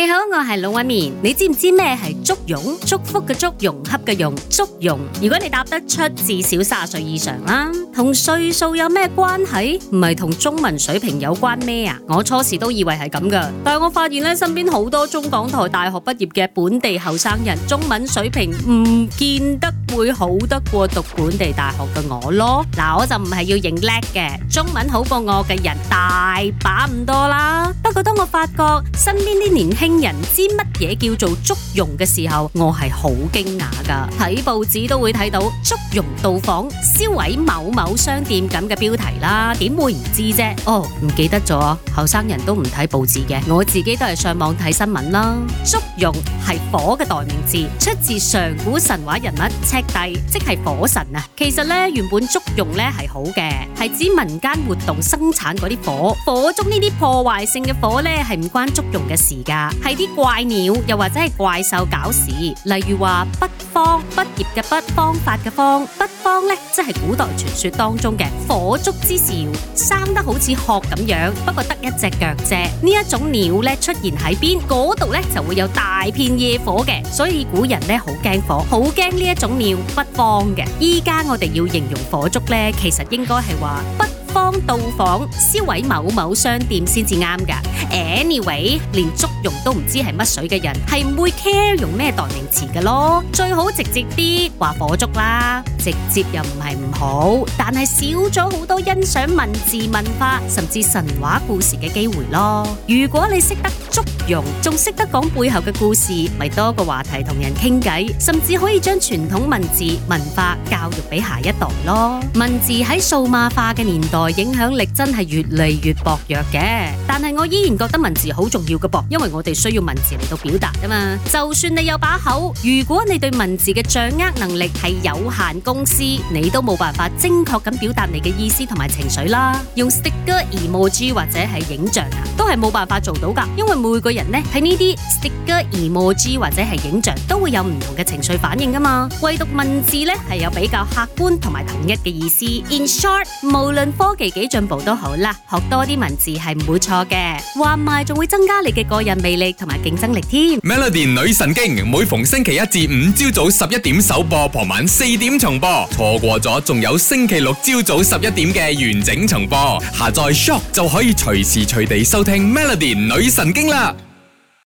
你好，我係老威面。你知唔知咩係祝融？祝福嘅祝，融洽嘅融，祝融。如果你答得出，至少三十歲以上啦。同歲數有咩關係？唔係同中文水平有關咩啊？我初時都以為係咁噶，但係我發現咧，身邊好多中港台大學畢業嘅本地後生人，中文水平唔見得會好得過讀本地大學嘅我咯。嗱，我就唔係要認叻嘅，中文好過我嘅人大把唔多啦。不過當我發覺身邊啲年輕，令人知乜嘢叫做祝融嘅時候，我係好驚訝噶。睇報紙都會睇到祝融到訪燒毀某某商店咁嘅標題啦，點會唔知啫？哦，唔記得咗，後生人都唔睇報紙嘅，我自己都係上網睇新聞啦。祝融係火嘅代名字，出自上古神話人物赤帝，即係火神啊。其實咧，原本祝融咧係好嘅，係指民間活動生產嗰啲火。火燭呢啲破壞性嘅火咧，係唔關祝融嘅事噶。係啲怪鳥，又或者係怪獸搞事，例如話畢方，畢業嘅畢，方法嘅方，畢方咧即係古代傳說當中嘅火燭之兆，生得好似鶴咁樣，不過得一隻腳啫。呢一種鳥咧出現喺邊，嗰度咧就會有大片野火嘅，所以古人咧好驚火，好驚呢一種鳥畢方嘅。依家我哋要形容火燭咧，其實應該係話畢。當到訪燒毀某某商店先至啱噶。a n y、anyway, w a y 連竹容都唔知係乜水嘅人，係唔會 care 用咩代名詞嘅咯。最好直接啲話火燭啦，直接又唔係唔好，但係少咗好多欣賞文字文化甚至神話故事嘅機會咯。如果你識得燭」。仲識得講背後嘅故事，咪多個話題同人傾計，甚至可以將傳統文字文化教育俾下一代咯。文字喺數碼化嘅年代，影響力真係越嚟越薄弱嘅。但係我依然覺得文字好重要嘅噃，因為我哋需要文字嚟到表達噶嘛。就算你有把口，如果你對文字嘅掌握能力係有限公司，你都冇辦法精確咁表達你嘅意思同埋情緒啦。用 sticker emoji 或者係影像，都係冇辦法做到噶，因為每個人。人咧，喺呢啲 sticker emoji 或者係影像都會有唔同嘅情緒反應噶嘛，唯獨文字咧係有比較客觀同埋統一嘅意思。In short，無論科技幾進步都好，嗱，學多啲文字係唔會錯嘅，話埋仲會增加你嘅個人魅力同埋競爭力添。Melody 女神經每逢星期一至五朝早十一點首播，傍晚四點重播，錯過咗仲有星期六朝早十一點嘅完整重播。下載 Shop 就可以隨時隨地收聽 Melody 女神經啦。